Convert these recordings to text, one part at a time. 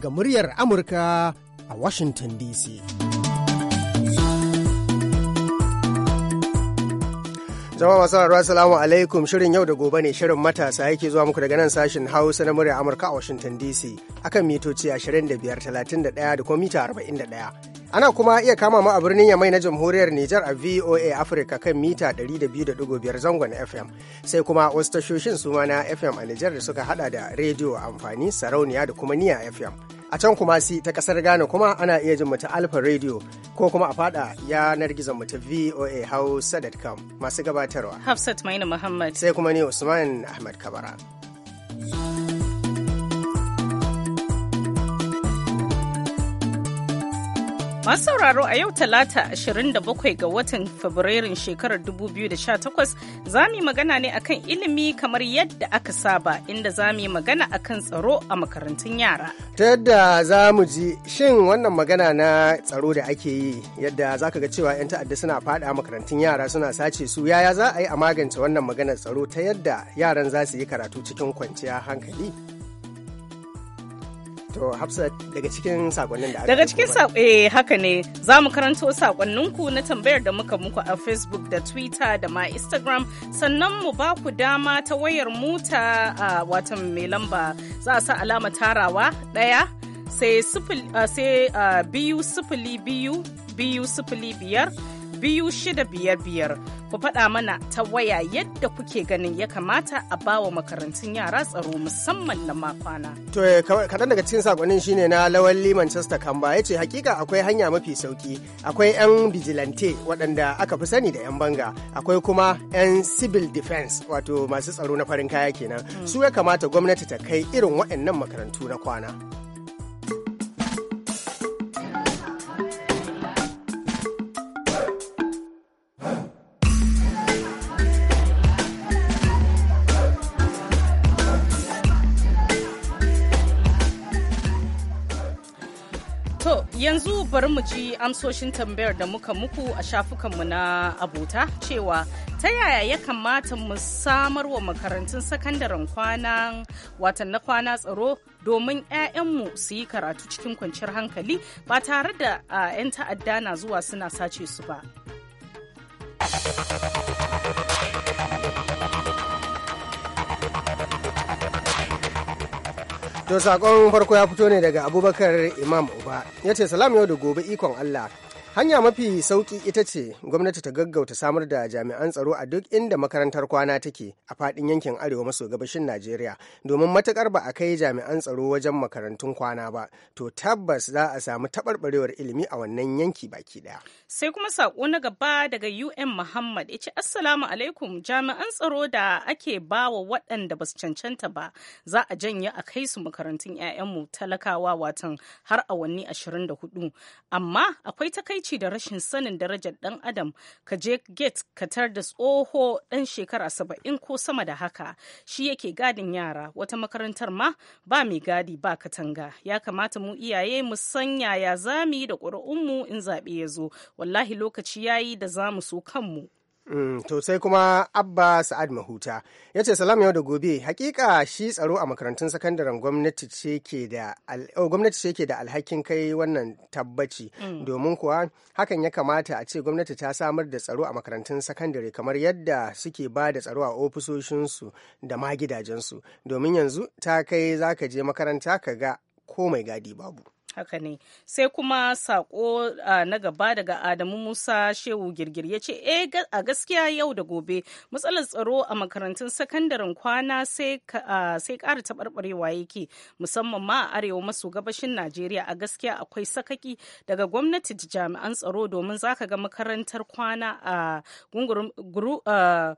daga muryar Amurka a Washington DC. Jama'a masu haruwa salamu alaikum shirin yau da gobe ne shirin matasa yake zuwa muku daga nan sashin Hausa na muryar Amurka a Washington DC akan mitoci 25, 31 da kuma mita 41. Ana kuma iya kama mu a birnin Yamai na Jamhuriyar Nijar a VOA Africa kan mita 200.5 zangon FM. Sai kuma wasu tashoshin suma na FM a Nijar da suka hada da rediyo amfani sarauniya da kuma niya FM. A can kuma si ta kasar Ghana kuma ana iya jin ta Alfa rediyo ko kuma a fada yanar gizon mu ta VOA Hausa.com masu gabatarwa. Hafsat Maina Muhammad. Sai kuma ne Usman Ahmad Kabara. Masu sauraro a yau talata 27 ga watan Fabrairun shekarar 2018 za mu yi magana ne akan ilimi kamar yadda aka saba inda za mu yi magana akan tsaro a makarantun yara. Ta yadda za mu ji shin wannan magana na tsaro da ake yi yadda za ka ga cewa 'yan ta'adda suna fada makarantun yara suna sace su yaya za a yi a magance wannan maganar tsaro ta yadda yaran za su yi karatu cikin kwanciyar hankali. To hafsa daga cikin sakonnin da aka Daga cikin eh haka ne za mu karanto sakonninku na tambayar da muka muku a Facebook da Twitter da ma Instagram sannan mu ba ku dama ta wayar muta a watan mai lamba za a sa alama tarawa ɗaya sai biyu sifili biyu biyu sifili biyar biyu shida biyar biyar ku faɗa mana ta waya yadda kuke ganin ya kamata a bawa makarantun yara tsaro musamman na makwana. To eh, kaɗan daga cikin saƙonin shi ne na lawalli Manchester Kamba ya ce hakika akwai hanya mafi sauki akwai 'yan vigilante waɗanda aka fi sani da 'yan banga akwai kuma 'yan civil defense wato masu tsaro na farin kaya kenan hmm. su ya kamata gwamnati ta kai irin waɗannan makarantu na kwana. bari mu ji amsoshin tambayar da muka muku a shafukanmu na abota cewa ta yaya ya kamata mu samar wa makarantun sakandaren kwanan watan na kwana tsaro domin 'ya'yanmu su yi karatu cikin kwanciyar hankali ba tare da 'yan ta'adda na zuwa suna sace su ba. To sakon farko ya fito ne daga Abubakar Imam Uba. Ya ce salam yau da gobe ikon Allah. hanya mafi sauki ita ce gwamnati ta gaggauta samar da jami'an tsaro a duk inda makarantar kwana take a faɗin yankin arewa maso gabashin najeriya domin matukar ba a kai jami'an tsaro wajen makarantun kwana ba to tabbas za a samu taɓarɓarewar ilimi a wannan yanki baki daya sai kuma saƙo na gaba daga un muhammad ya ce assalamu alaikum jami'an tsaro da ake ba wa waɗanda ba su cancanta ba za a janye a kai su makarantun 'ya'yanmu talakawa watan har awanni 24 amma akwai takai takaici da rashin sanin darajar dan adam ka je gate ka tar da tsoho ɗan shekara saba'in ko sama da haka shi yake gadin yara wata makarantar ma ba mai gadi ba katanga ya kamata mu iyaye mu san yaya zamu yi da ƙuri'unmu in zaɓe ya zo wallahi lokaci yayi da za mu so kanmu Mm, to sai kuma abba sa'ad mahuta ya ce salam yau da gobe hakika shi tsaro a makarantun sakandaren gwamnati ce ke da oh, alhakin kai wannan tabbaci mm. domin kuwa hakan ya kamata a ce gwamnati ta samar da tsaro a makarantun sakandare kamar yadda suke ba da tsaro a ofisoshinsu da ma gidajensu domin yanzu ta kai za ka je makaranta ka ga ko mai gadi babu haka ne sai kuma sako na gaba daga adamu musa shehu girgir ya ce e a gaskiya yau da gobe matsalar tsaro a makarantun sakandaren kwana sai uh, ƙara taɓarɓarewa yake musamman ma a arewa maso gabashin najeriya a gaskiya akwai sakaki daga gwamnati da jami'an tsaro domin zaka ga makarantar kwana a uh,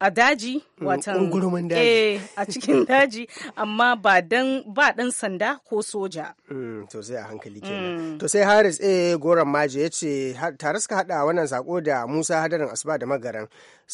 a daji mm, watan daji. Eh, a cikin daji amma ba dan ba dan sanda ko soja mm, to sai a hankali kenan mm. to sai Haris eh goran maji ya ce tare suka hada wannan sako da Musa Hadarin Asuba da Magaran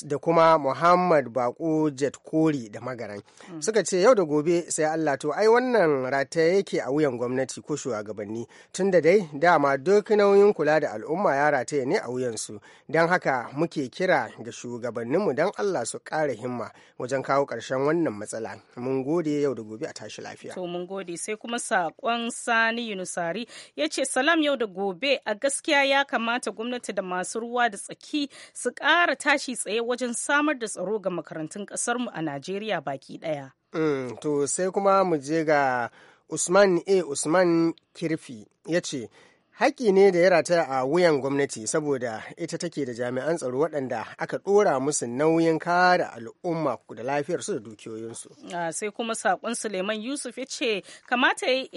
da kuma Muhammad Bako Jet Kori da Magaran suka ce yau da gobe sai Allah to ai wannan rata yake a wuyan gwamnati ko shugabanni tunda dai dama duk nauyin kula da al'umma ya rataye ne a wuyan su dan haka muke kira ga shugabanninmu dan Allah su ƙara himma wajen kawo ƙarshen wannan matsala mun gode yau da gobe a tashi lafiya to mun gode sai kuma saƙon sani yunusari ya ce salam yau da gobe a gaskiya ya kamata gwamnati da masu ruwa da tsaki su ƙara tashi tsaye wajen samar da tsaro ga makarantun ƙasarmu a najeriya baki ɗaya mm, to sai kuma mu je ga Usman A. Usman Kirfi ya ce, haƙƙi ne da ya rata a wuyan gwamnati saboda ita take da jami'an tsaro waɗanda aka ɗora musu nauyin kare al'umma da lafiyarsu da dukiyoyinsu. Ah, sai kuma saƙon suleiman yusuf ya ce kamata ya yi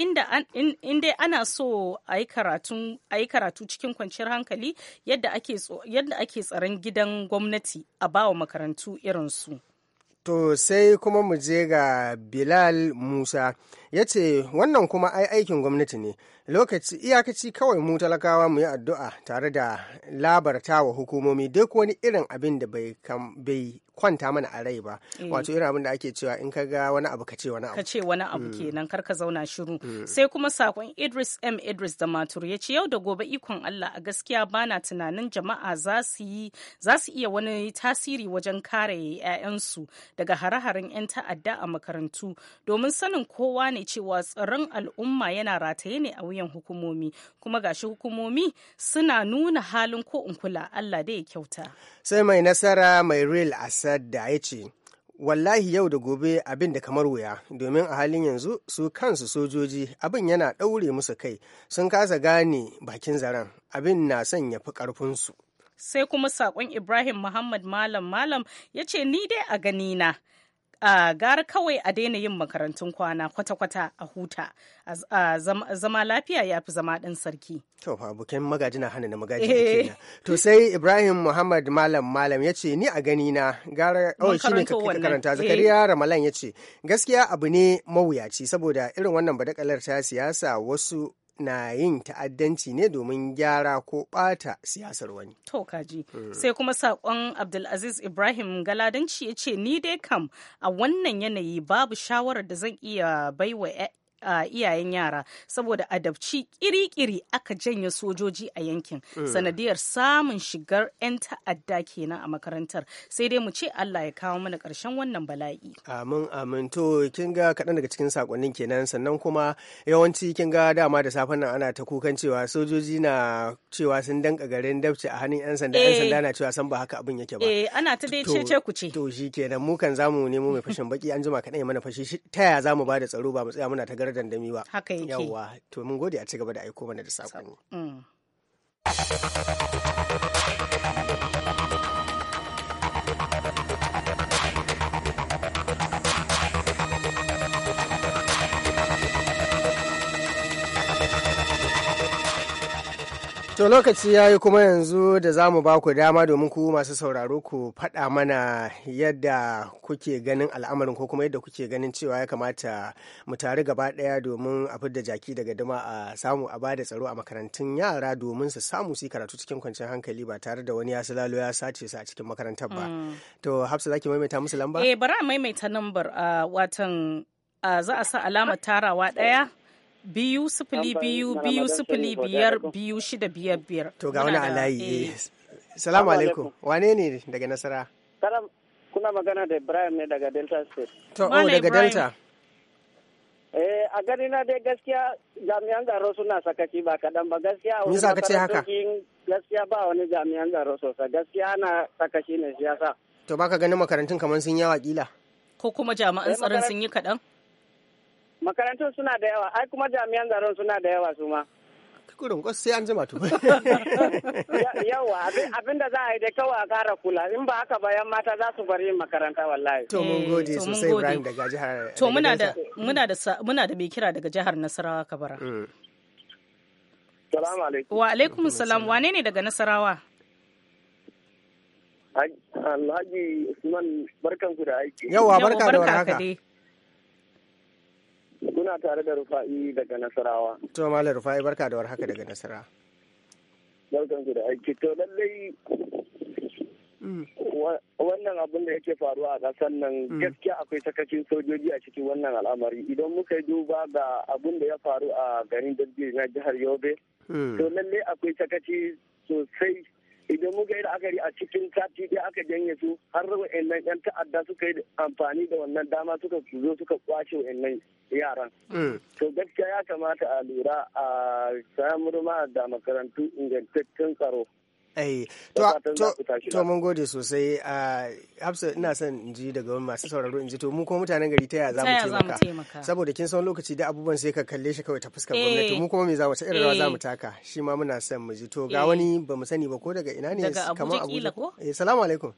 inda ana so a yi karatu cikin kwanciyar hankali yadda ake tsaron gidan gwamnati a bawa makarantu irinsu. to sai kuma mu je ga bilal musa ya ce wannan kuma ai aikin gwamnati ne lokaci iyakaci kawai mu talakawa mu yi addu'a tare da labarta wa hukumomi duk wani irin abin da bai kwanta mana a rai ba eh. wato irin abin da ake cewa in ka ga wani abu ka ce wani abu ka ce wani abu mm. kenan kar ka zauna shiru mm. sai kuma sakon Idris M Idris da Matur ya ce yau da gobe ikon Allah a gaskiya bana tunanin jama'a za su yi za iya wani tasiri wajen kare 'ya'yansu daga hare-haren 'yan ta'adda a makarantu domin sanin kowa ne cewa tsaron al'umma yana rataye ne a wuyan hukumomi kuma gashi hukumomi suna nuna halin ko in kula Allah da ya kyauta sai mai nasara mai real asad da ya ce wallahi yau da gobe abin da kamar wuya domin a halin yanzu su kansu sojoji abin yana ɗaure musu kai sun kasa gane bakin zaren abin na son ya fi ƙarfinsu sai kuma saƙon ibrahim muhammad malam malam ya ce ni dai a ganina gara kawai a daina yin makarantun kwana kwata-kwata a huta zama lafiya ya fi zama ɗan sarki. To, abokan magaji na hana na magaji kenan. To sai Ibrahim Muhammad Malam Malam ya ce ni a gani na gara kawai oh, shine ne karanta eh. Zakariya Ramalan ya ce gaskiya abu ne mawuyaci saboda irin wannan badakalar ta siyasa wasu na yin ta'addanci ne domin gyara ko ɓata siyasar wani. To kaji. Mm. Sai kuma saƙon Abdulaziz Ibrahim Galadanci ya ce ni dai kam a wannan yanayi babu shawarar da zan iya baiwa iyayen yara saboda adabci kiri-kiri aka janye sojoji a yankin eh. sanadiyar samun shigar 'yan ta'adda kenan a makarantar sai dai mu ce Allah ya kawo mana karshen wannan bala'i. Amin amin to kin ga kaɗan daga cikin sakonnin kenan sannan kuma yawanci kin ga dama da safen nan ana ta kukan cewa sojoji na cewa sun danka garin dabci a hannun 'yan sanda 'yan eh. sanda na cewa san ba haka abin yake ba. Eh ana ta dai cece ku ce. To shi kenan mu kan zamu nemo mai fashin baki an jima kaɗan ya mana fashi ta ya zamu ba da tsaro ba mu tsaya muna ta garar dandami ba haka yake yawwa to mun gode a cigaba da aiko mana da mm. To lokaci ya yi kuma yanzu da za mu ba ku dama domin ku masu sauraro ku faɗa mana yadda kuke ganin al'amarin ko kuma yadda kuke ganin cewa ya kamata mu tare gaba ɗaya domin a fidda jaki daga dama a samu a bada tsaro a makarantun yara domin su samu su karatu cikin kwanciyar hankali ba tare da wani ya lalo ya sace su a cikin makarantar ba. Mm. To Hafsa za ki maimaita musu lamba? Eh bari a maimaita lambar ah, watan ah, za a sa alamar tarawa ɗaya. biyu sifili biyu biyu sifili biyar biyu shida biyar biyar. To ga wani alayi. Eh. Salamu alaikum. Wane ne daga Nasara? Salam kuna magana da Ibrahim ne daga Delta State. To oh, daga Delta. Eh a gani na dai gaskiya jami'an tsaro suna sakaci ba kaɗan ba gaskiya. Mun kace haka. Gaskiya ba wani jami'an tsaro sosai gaskiya ana sakaci ne siyasa. To baka ganin makarantun kamar sun yawa kila. Ko kuma jami'an eh, tsaron sun yi kaɗan? makarantun suna da yawa ai kuma jami'an tsaron suna da yawa su ma tukurin kwas sai an jima to yawa abin da za a yi da kawai a kara kula in ba haka ba yan mata za su bar yin makaranta wallahi to mun eh, gode sosai Ibrahim daga jihar to muna da muna da muna da mai kira daga jihar Nasarawa Kabara mm. Salamu alaikum. Wa alaikum salam wane ne daga Nasarawa? Alhaji Usman barkan ku da aiki. Yawa barka da warhaka. Kuna tare da Rufa'i daga Nasarawa. To Malam Rufa'i barka da warhaka daga Nasara. Barkan ku da aiki. To lallai mm. wannan abin da yake faruwa a ƙasar nan mm. gaskiya akwai sakacin sojoji a cikin wannan al'amari idan muka duba ga abin da ya faru a garin dabbe na jihar yobe mm. to lallai akwai sakaci sosai idan muka yi la'akari a cikin sati da aka janye su har wa'annan yan ta'adda suka yi amfani da wannan dama suka zo suka kwace wa'annan yaran. Eh. To gaskiya ya kamata a lura a samar ma da makarantu ingantaccen tsaro. Eh, Ai, to mun gode sosai ah, hafsa ina son in ji daga wani masu sauraro in ji to mu kuma mutanen gari ta yaya za mu taimaka saboda kin san lokaci da abubuwan sai ka kalle shi kawai ta fuskar gwamnati eh. mu kuma me za mu ta irin rawa za mu eh. taka shi ma muna son mu ji to ga wani ba mu sani ba ko daga ina ne kamar Abuja ko eh salamu alaikum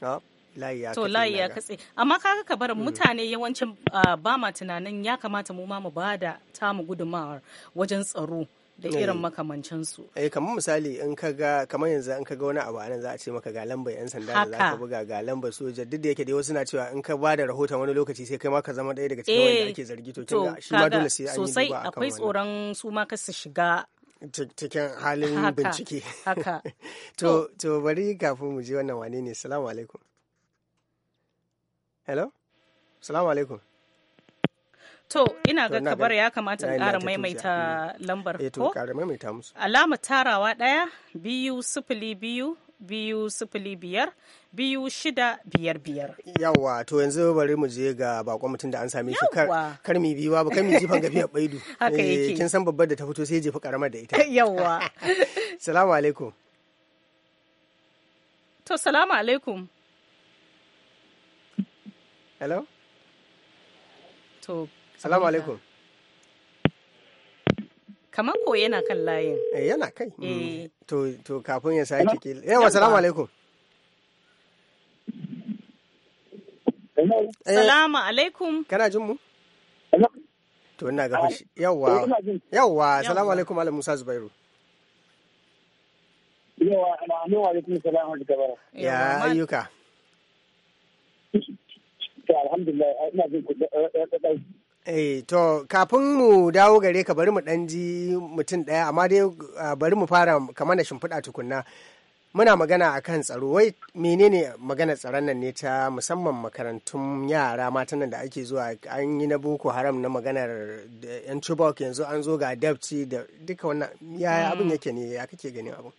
to ah, layi ya katse amma kaga ka bar hmm. mutane yawancin ah, ba ma tunanin ya kamata mu ma mu bada tamu gudumawar wajen tsaro da eh. irin makamancinsu. Eh kamar misali in ka ga kamar yanzu in ka ga wani abu anan za a ce maka ga lambar yan sanda da za ka buga ga lambar soja duk da yake dai wasu na cewa in ka ba da rahoton wani lokaci sai kai ma ka zama ɗaya daga cikin wanda eh, ake zargi to ga shi ma dole sai an yi sosai akwai tsoron su ma su shiga cikin halin bincike. Haka. To to bari kafin mu je wannan wane ne. Assalamu alaikum. Hello? Assalamu alaikum. To ina ga kabar ya kamata in mm. eh, ƙara maimaita lambar ko? Alama tarawa ɗaya biyu sufuli biyu biyu sufuli biyar biyu shida biyar biyar. Yawwa to yanzu bari mu je ga bakon mutum da an same shi kar mi biyuwa ba kar mi jifan biyar baidu. Haka eh, yake. Kin san babbar da ta fito sai jefa karamar da ita. Yawwa. Salamu alaikum. To salamu alaikum. Hello? To salamu alaikum kamar ko yana kan layin eh yana kai hmm. Eh. to kafin ya sake ke yawa salamu alaikum eh, salamu alaikum kana jin mu to ina ga fashi yawa eh, yawa salamu alaikum malam musa zubairu yawa alamu alaikum salamu alaikum ya ayyuka alhamdulillah ina jin ku eh, Eh, to kafin mu dawo gare ka bari mu ɗan ji mutum ɗaya amma dai bari mu fara kamar da shimfiɗa tukunna. Muna magana a kan tsaro, wai menene magana tsaron nan ne ta musamman makarantun yara matan da ake zuwa an yi na Boko Haram na maganar yan Chibok yanzu an zo ga Dabci da duka wannan yaya abin mm. yake ne ya kake ganin abin?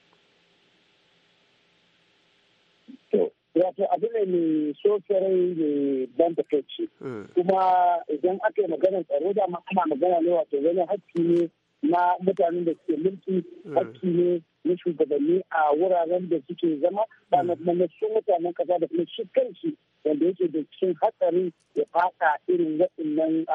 wato abu ne mai ne da ban takaici hmm. kuma idan aka yi maganar tsaro da ana magana ne wato wani haƙƙi ne na mutanen da suke mulki hmm. hakki ne na shugabanni a wuraren da suke zama ba na kuma su mutanen kasa da kuma shi kanshi wanda yake da cikin hatsari ya fasa irin waɗannan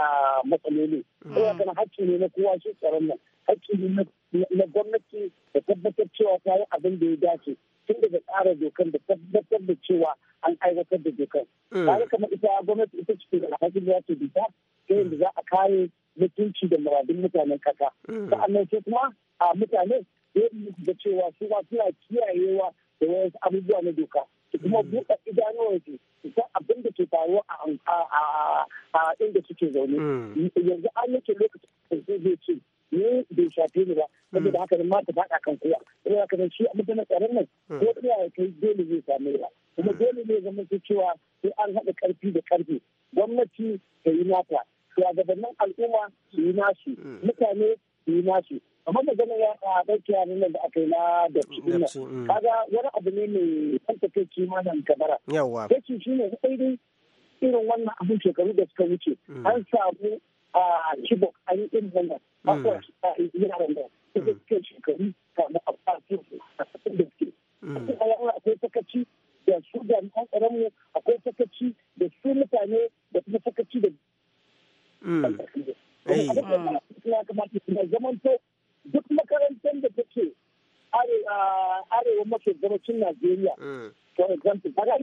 matsaloli. Kowa mm. kana hakki ne na kowa shi tsaron nan. Hakki ne na gwamnati da tabbatar cewa ta yi abin da ya dace. Tun daga tsara dokar da tabbatar da cewa an aiwatar da dokar. Tare mm. kamar ita gwamnati ita ce da alhakin ya ta ta yadda za a kare mutunci da muradun mutanen kasa. Mm. Sa'annan sai kuma a mutane yadda mu ga cewa su ba suna kiyayewa da wasu abubuwa na doka su kuma mm. buɗe idanuwarsu su san abin da ke faruwa a inda suke zaune mm. yanzu an yake lokacin da zai ce ni bai shafe ni ba mm. da haka nan ma ta faɗa kan kowa kuma haka nan shi a mutane tsaron nan ko ta ya kai dole zai same ba kuma dole ne zama su cewa sai an haɗa ƙarfi da ƙarfi gwamnati ta yi nata shugabannin al'umma su yi nasu mutane su yi nasu da maganar ya a gaskiya nan da aka yi na da cikin mm, mm. kaga wani abu ne mai kan take kimanin kadara yawa shi ne sai dai irin wannan abin shekaru da suka wuce mm. an samu a ah, kibok an yi irin wannan akwai ah, yaran da suke arewacin Najeriya. Mm. For example, kaga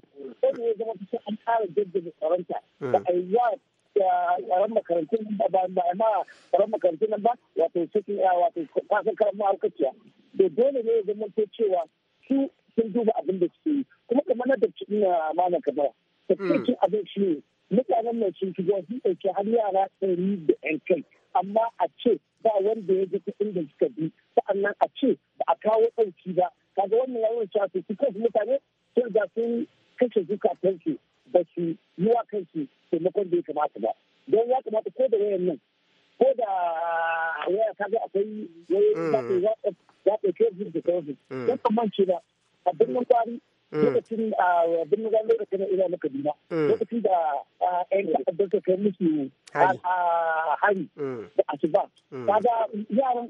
sai da ya zama kusa an ƙara jaddada tsaronta. Mm. Ba a yi wa tsaron makarantun ba ba ma tsaron makarantun nan ba wato cikin wato kwasan karamin harkaciya. To dole ne ya zama cewa su sun duba abin da suke yi. Kuma kamar na da ina mana mm. kamar. Tafiyacin abin shi ne mutanen mai sun shigo sun ɗauki har yara ɗari da 'yan kai. Amma a ce ba wanda ya ji kuɗin da suka bi wato su kansu mutane sun ga sun kashe zukatansu ba su yi wa kansu taimakon da ya kamata ba don ya kamata ko da wayan nan ko da ah, waya ga akwai wani mm. za ta ke zuwa da kawai mm. don kamance ba a birnin kwari mm. lokacin a ah, birnin kwari lokacin ina na kaduna lokacin da yan ah, kasar da kai musu hari da asuba kaga yaran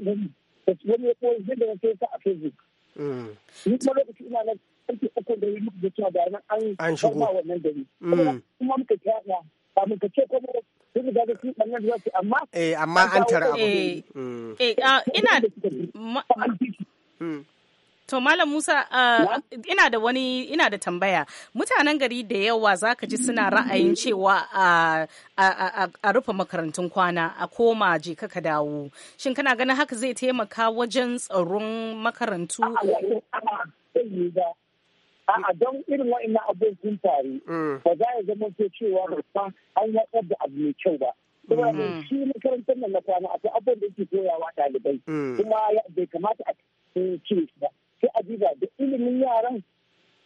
gari wani ya koyi zai da ya kai a facebook Ni kuma lokaci ina nan ƙarfe uku da muka ga cewa da nan an an shigo wannan gari. Mm. Kuma muka kiyaya kamun ka ce komai sun riga da sun ɓannan zuwa amma. Eh amma an tara abu. Mm. Eh, eh ah, ina. To Malam Musa uh, ina da wani ina da tambaya mutanen gari da yawa zaka ji suna ra'ayin cewa uh, a, rufe makarantun kwana a koma je ka dawo shin kana ganin haka zai taimaka wajen tsaron makarantu a don irin wa'annan abin sun faru mm. ba za a zama ce cewa ba an yatsar da abu mai kyau ba saboda mm. shi makarantar nan na kwana akwai abin da yake koyawa ɗalibai mm. kuma bai kamata a ce ba sai a duba da ilimin yaran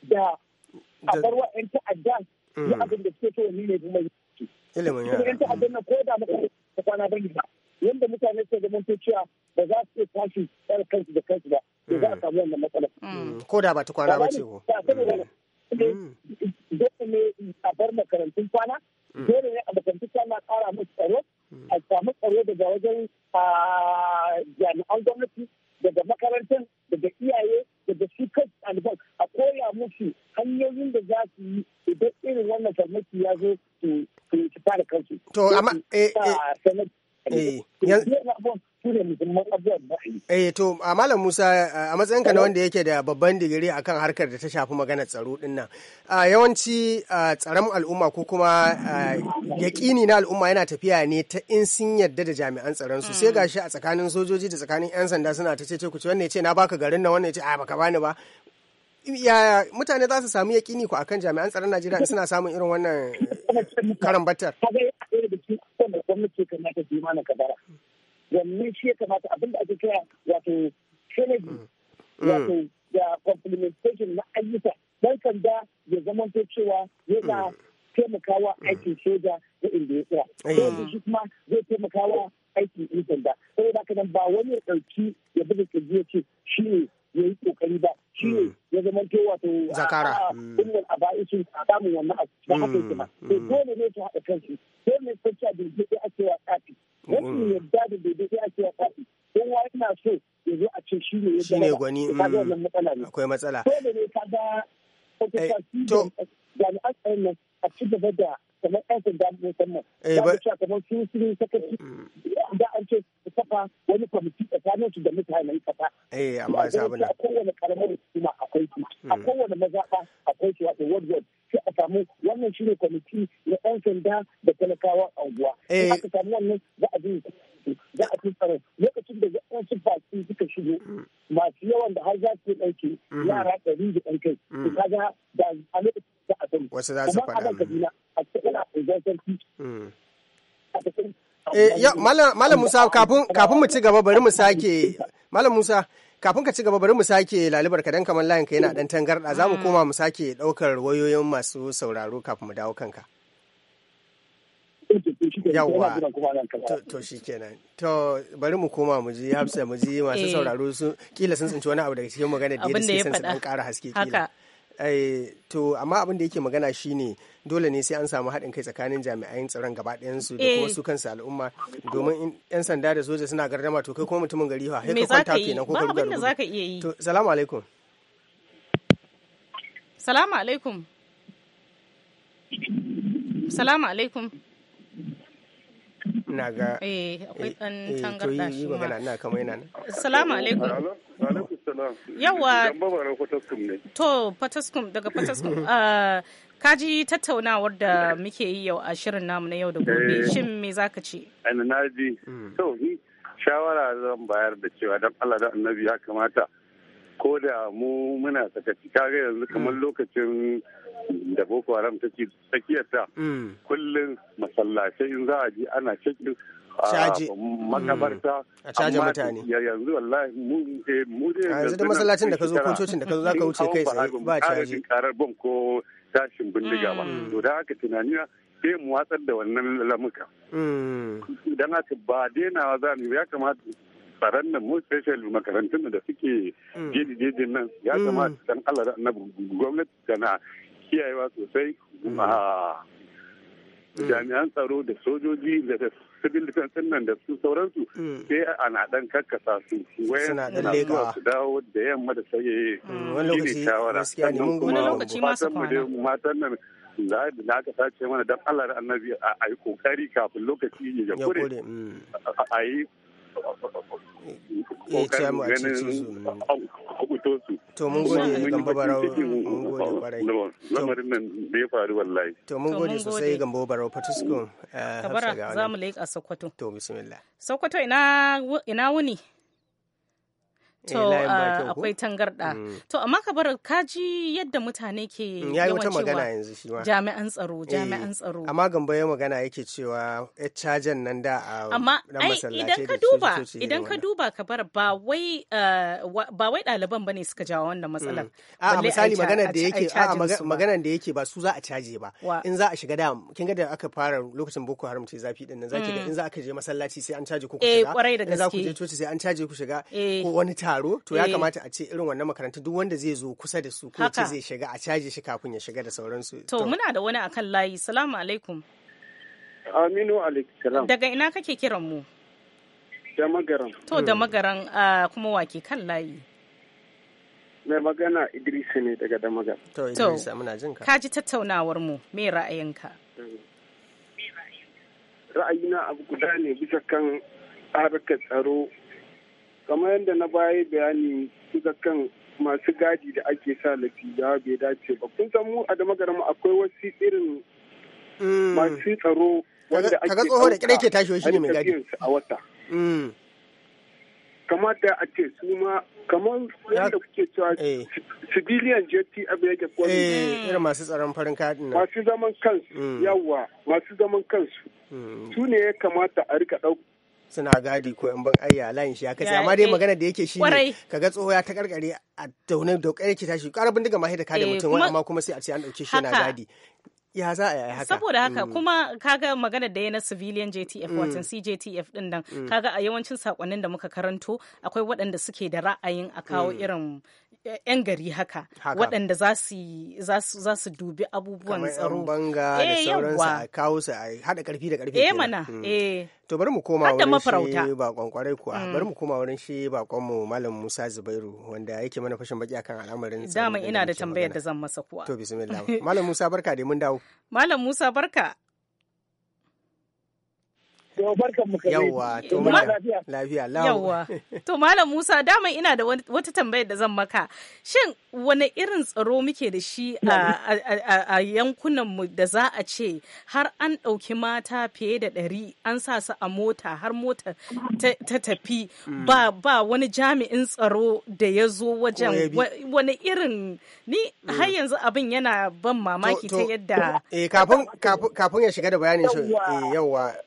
da a bar wa 'yan ta'adda ya mm. abin da suke ne kuma yi ilimin mutane ba za su iya tashi da kansu ba za mm. makarantun kwana mm. dole a makarantun kwana kara musu tsaro a samu tsaro daga wajen ah, jami'an gwamnati daga makarantar daga iyaye daga su kan a koya musu hanyoyin da za su yi idan irin wannan farmaki ya zo su fara kansu. To amma Eh, eh to Malam Musa a matsayinka na wanda yake da babban digiri akan harkar da ta shafi maganar tsaro din nan. yawanci tsaron al'umma ko kuma yaƙini na al'umma yana tafiya ne ta in sun yadda da jami'an tsaron su sai mm. gashi a tsakanin sojoji da tsakanin 'yan sanda suna ta ce ku ce wannan ya ce na baka garin nan wannan ya ce a ah, baka bani ba Ya mutane za su samu yaƙini ku akan jami'an tsaron Najeriya suna samun irin wannan karambatar. wanda gwamnati ya kamata su yi mana kadara wannan shi ya kamata abin da ake kira wato synergy mm. wato mm. da complementation na ayyuka dan sanda ya zama cewa yana mm. taimakawa aikin soja da inda ya tsira. Sai shi kuma zai taimakawa aikin ɗin sanda. Saboda haka nan ba wani ya ɗauki ya buga kirji ya ce shi ne ya yi kokari ba shi ne hmm. ya zama to wato zakara hmm. kullum a ba'i a samun wannan abu ba haka yake ba hmm. to dole ne su haɗa kansu dole ne su ci a daidai ake wa tsafi wani yadda da daidai ake wa tsafi kowa yana so ya zo a ce shi ne ya shi ne gwani akwai matsala dole ne ka ga eh, to jami'an tsaron nan a ci gaba da kamar 'yan sanda musamman. Eh, ba. kamar sun sun sakaci da an ce kafa wani kwamiti tsakanin su da mutanen kasa. Eh amma sabu na. A kowane karamar hukuma akwai su. A hmm. kowane mazaɓa akwai su wato ward ward. Sai a samu wannan shi ne kwamiti na ɗan sanda da talakawan anguwa. Eh. Aka samu wannan za a bi za a tsaro lokacin da su baki suka shigo hmm. masu yawan da har za su yi ɗauke hmm. yara ɗari da ɗan kai. Kaga da a lokacin da a Wasu za su faɗa. Kuma a a cikin sarki. Eh, Malam Musa kafin mu ci gaba bari mu sake Malam Musa kafin ka ci gaba bari mu sake lalibar ka dan kamar layin ka yana dan tangarda za mu mm. koma mu sake daukar wayoyin masu sauraro kafin mu dawo kanka. Yawwa to shi kenan. To bari mu koma mu ji Hafsa mu ji masu eh. sauraro su kila sun tsinci wani abu daga cikin magana da yake sun dan ƙara haske kila. Eh, to amma abin da yake magana shine dole ne sai an samu haɗin kai tsakanin jami'an tsaron gaba su da kuma eh. su kansu al'umma domin yan sanda da soja suna gardama to kai kuma mutumin gari ha kai kwanta kenan ko ka rubar zaka iya yi to salamu alaikum salamu alaikum salamu alaikum na ga eh akwai dan eh, tangarda shi ma salamu alaikum Yawa. To, Fataskum daga Fataskum. Uh, kaji tattaunawar da muke yi yau a shirin namu na yau da gobe eh. shin me zaka ce na ji hmm. to shawara zan bayar da cewa don Allah da annabi ya kamata ko da mu muna sakaci kaga yanzu kamar hmm. lokacin da boko haram take tsakiyarta mm. kullum masallatai in za a ji ana cikin caji makabarta mm. a caji mutane ya yanzu eh, da masallacin da ka ko da ka za ka wuce ba caji karar bom bindiga ba mm. to da haka sai mu watsar da wannan lamuka dan haka ba denawa za mu ya kamata tsaron nan mu special makarantun da suke jeji nan ya kamata dan Allah da tana kiyayewa sosai a mm. jami'an tsaro da sojoji da civil defense nan da su sauransu mm. sai ana dan karkasa su wayan suna su dawo da yamma da sauye mm, wani lokaci ne kwana matan nan da aka sace mana dan Allah da Annabi a yi kokari kafin lokaci ya kure a yi ya eh, eh, ce mu a to mun gode gamba barau mun gode kwarai lamarin nan da ya faru wallahi to mun gode sosai gamba barau patiskun kabara eh, za mu leƙa sokoto to bismillah sokoto ina wuni Eh, to ah, akwai tangarda mm. to amma ka bar kaji yadda mutane ke mm, yawan jami'an tsaro eh, jami'an tsaro amma gamba ya magana yake cewa ya cajan nan da a ah, amma idan ka duba idan ka duba ka bar ba wai ah, ba wai ɗaliban bane suka jawo wannan matsalar mm. a misali maganar da yake a maganar da yake ba su za a caje ba in za a shiga da kin ga da aka fara lokacin boko haram ce zafi din nan zaki ga in za aka je masallaci sai an caje ku ku eh, shiga in za ku je coci sai an caje ku shiga ko wani ta taro to ya eh. kamata a ce irin wannan makaranta duk wanda zai zo kusa da su ko ce zai shiga a caje shi kafin ya shiga da sauransu to muna da wani akan layi salamu alaikum aminu alaikum daga ina kake kiran mu da magaran to da magaran kuma wake kan layi mai magana idris ne daga da magaran to idris muna jin ka Kaji tattaunawar mu me ra'ayinka ra'ayina abu guda ne bisa kan harkar tsaro kamar yadda na baya bayani suka kan masu gadi da ake sa da bai dace ba kun san mu a da magarama akwai wasu irin mm. masu tsaro wanda ake tsoho da kira ke tashi shi ne mai gadi a wata mm. kamata a ce su ma kamar yadda kuke cewa eh. civilian jeti abu yake kwanu eh, irin masu tsaron farin kadin masu zaman kansu mm. yawa masu zaman kansu su ne ya kamata a rika dauka suna gadi ko yan ban ayya layin shi ya kace amma dai eh, magana da yake shi ne kaga tsoho ya ta karkare a taune da kai yake tashi karabin diga ma da kada eh, mutum wani amma kuma sai a ce an dauke shi yana gadi ya za a yi haka saboda haka mm. kuma kaga magana da ya na civilian JTF mm. watan CJTF din nan mm. kaga a yawancin sakonnin da muka karanto akwai waɗanda suke da ra'ayin a kawo irin 'yan gari haka, waɗanda za su dubi abubuwan tsaro. banga da eh, sauransa a kawo su a haɗa ƙarfi da ƙarfi. Eh mana, hmm. eh. To bari mu koma wurin shi bakon kwarai kuwa, hmm. bari mu koma wurin shi bakon mu Malam Musa Zubairu wanda yake mana fashin baki akan al'amarin tsaro. Dama ina da tambayar da zan masa kuwa. To bismillah. Malam Musa barka da mun dawo. Malam Musa barka. Yawwa, to lafiya To Malam Musa, dama ina da wata tambayar da zan maka. Shin wani irin tsaro muke da shi a yankunan mu da za a ce har an ɗauki mata fiye da ɗari an sa su a mota har mota ta tafi mm. ba wani jami'in tsaro da ya zo wajen wani irin ni mm. har yanzu abin yana ban mamaki ta yadda. Eh, kafin ya shiga da bayanin shi yawwa eh,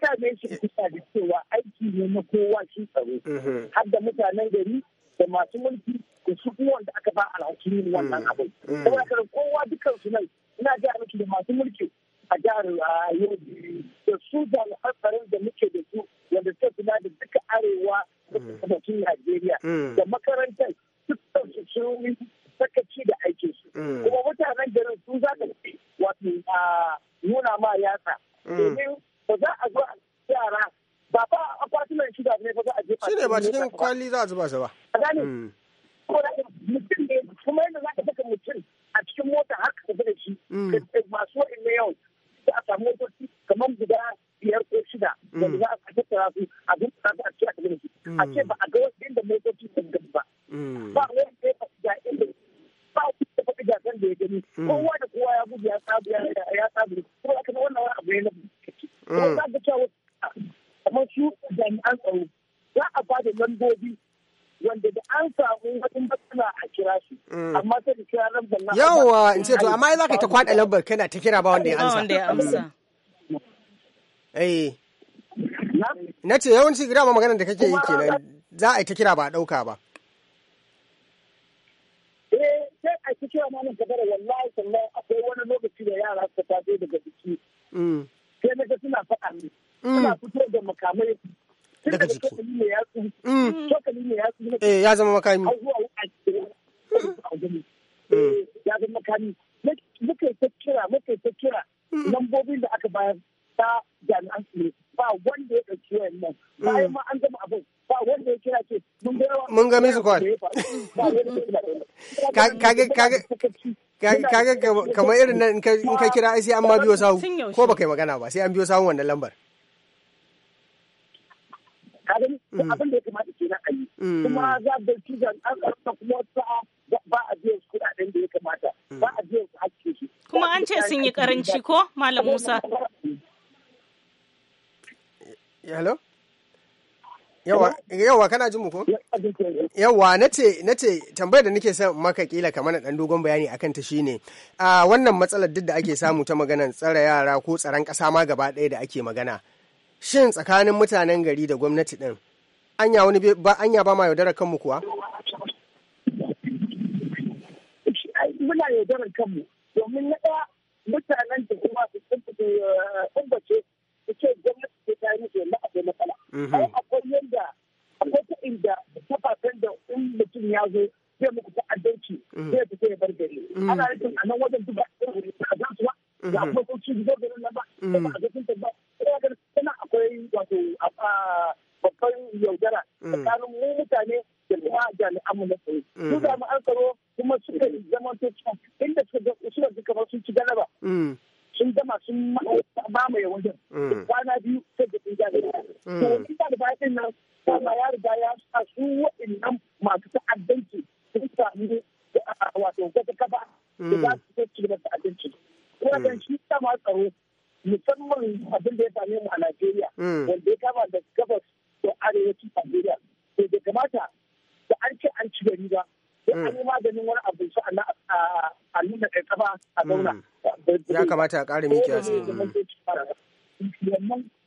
mutane su eh. kusa da cewa aiki ne na kowa shi tsaro mhm. har da mutanen gari da masu mulki da su wanda aka ba alhakin yin wannan mm. abin mm. saboda kowa dukkan su nan ina ga miki da masu mulki a jihar Yobe da su jami'an tsaron da muke da su wanda suka kula da duka arewa da mm. Najeriya da makarantar dukkan su sakaci da aikin su kuma mutanen garin su za ka wato nuna ma yatsa domin shida ne za a jefa shi ba cikin kwali za a zuba shi ba hmm. da mutum ne kuma yadda za saka mutum a cikin mota har ka tafi da shi hmm. masu wa'in na yau za a samu motoci kamar guda biyar ko shida hmm. za a tattara su a tattara a tafi da shi a ce ba a ga wasu inda motoci sun gani ba ba wani da ya faɗi inda ba faɗi san da ya gani kowa da kowa ya gudu ya sabu ya sabu Kuma aka wannan wani abu ne na bincike ko za ka cewa jami'an tsaro za a ba da lambobi wanda da an samu wani matsala a kira shi mm. amma sai da kira lambar na yawa in ce to amma za ka ta kwada lambar kana ta kira ba wanda ya amsa wanda ya amsa eh na ce yawanci gida ma maganar da kake yi kenan za a yi ta kira ba a dauka ba eh sai a kadara wallahi akwai wani lokaci da yara suka daga jiki mm. sai na ga suna faɗa ne suna mm. fito da makamai daga jiki mm. eh ya zama makami mm. eh, ya mm. da aka bayar ta ya zama abin ya kira ce mun ga mun ga kwan kage kage irin nan in ka kira ai sai an ma biyo sahu ko baka yi magana ba sai an biyo sawun wannan lambar Mm. abin da ya kamata ke na a yi mm. kuma za a kuma wata ba a biyan su kuɗaɗen da ya kamata mm. ba a biyan su su kuma an ce sun yi karanci ko malam musa hello yawa yawa kana jin mu ko yawa nace nace tambayar da nake son maka kila kamar dan dogon bayani akan ta shine a wannan matsalar duk da ake samu ta maganar tsare yara ko tsaron kasa ma gaba ɗaya da ake magana shin tsakanin mutanen gari da gwamnati ɗin anya wani ba anya ba ma yaudarar kanmu kuwa muna yaudarar kanmu domin na ɗaya mutanen da kuma su tsubbace eh, su ce gwamnati ce ta yi da na akwai matsala mhm. akwai yadda akwai ta inda kafafen da in mutum ya zo zai muku ta'addanci mhm. zai fita ya bar gari mhm. ana rikin a nan wajen duba kamata a ƙara miki a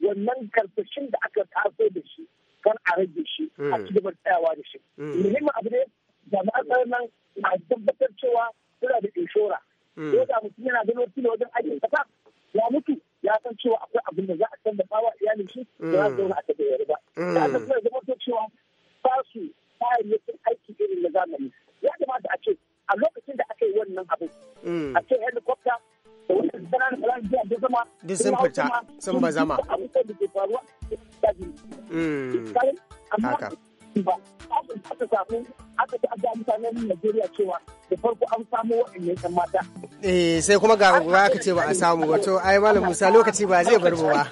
wannan karfashin da aka taso da shi kan a rage shi a hmm. ci gaba tsayawa da shi hmm. muhimmin abu ne ma tsaron nan a tabbatar cewa suna da inshora hmm. ko da mutum yana ganin kilo wajen aikin kasa ya mutu ya san cewa akwai abin da za a canza bawa iyalin shi da za su zauna a tafi yare ba da aka kuma zama to cewa ba su kayayyakin aiki irin na zamani ya kamata a ce a lokacin da aka yi wannan abin a ce helicopter zama duk sun fita sun ba zama hmm. haka ba aka samu aka ta Najeriya cewa da farko an samu mata. Eh sai kuma ga ba aka ce ba a samu ba to ai malam Musa lokaci ba zai bar mu ba.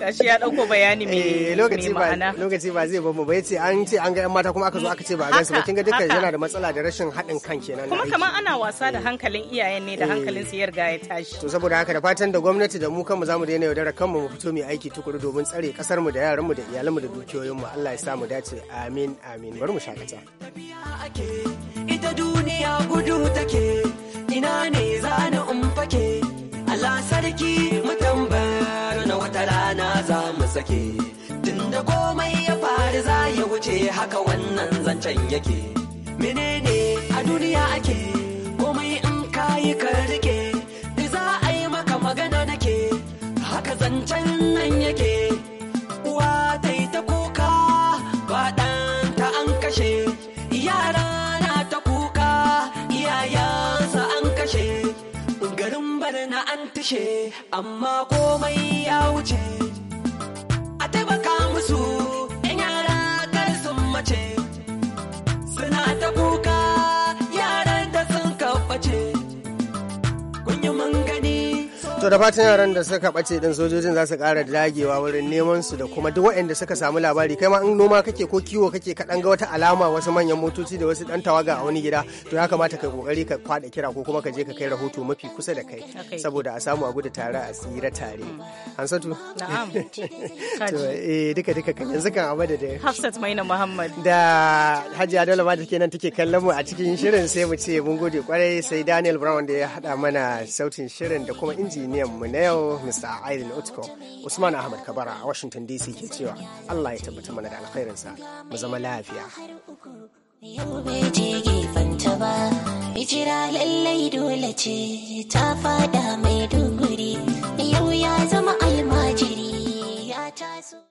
Tashi ya dauko bayani mai eh, lokaci ba lokaci ba zai bar mu ba yace an ce an ga yan mata kuma aka zo aka ce ba a gansu ba kin ga dukkan yana da matsala da rashin haɗin kan kenan. Kuma kamar ana wasa da eh. hankalin iyayen ne da eh. hankalin su yarga ya tashi. To saboda haka da fatan da gwamnati da mu kanmu zamu daina yaudara kanmu mu fito mu aiki tukuru domin tsare kasar mu da yaran mu da iyalan mu da dukiyoyin mu Allah ya sa mu da ya ce amin amin bari mu shakata ita duniya gudu take ina ne zani umfake Allah sarki mutambar na wata rana za mu sake tunda komai ya faru za ya wuce haka wannan zancen yake menene a duniya ake komai in kayi ka rike za a yi maka magana nake haka zancen nan yake uwa ta yi ta kuka tushe amma komai ya wuce a taimaka musu 'yan yara kar sun mace suna To da fatan yaran da suka bace din sojojin za su ƙara dagewa wurin neman su da kuma duk waɗanda suka samu labari kai ma in noma kake ko kiwo kake ka ga wata alama wasu manyan motoci da wasu ɗan tawaga a wani gida to ya kamata kai kokari ka fada kira ko kuma ka je ka kai rahoto mafi kusa da kai saboda a samu a gudu tare a tsira tare. Mm. Hansatu? Na'am. Eh, duka duka kan yanzu kan abada da Hafsat Maina Muhammad da Hajji adola ma da take nan take kallon mu a cikin shirin sai mu ce mun gode kwarai sai Daniel Brown da ya hada mana sautin shirin da kuma injini injiniyan mu na yau Mr. Aidan Utko Usman Ahmad Kabara a Washington DC ke cewa Allah ya tabbata mana da alkhairinsa mu zama lafiya. Yau bai je gefanta ba, hijira lallai dole ce ta fada mai duguri, yau ya zama almajiri ya taso.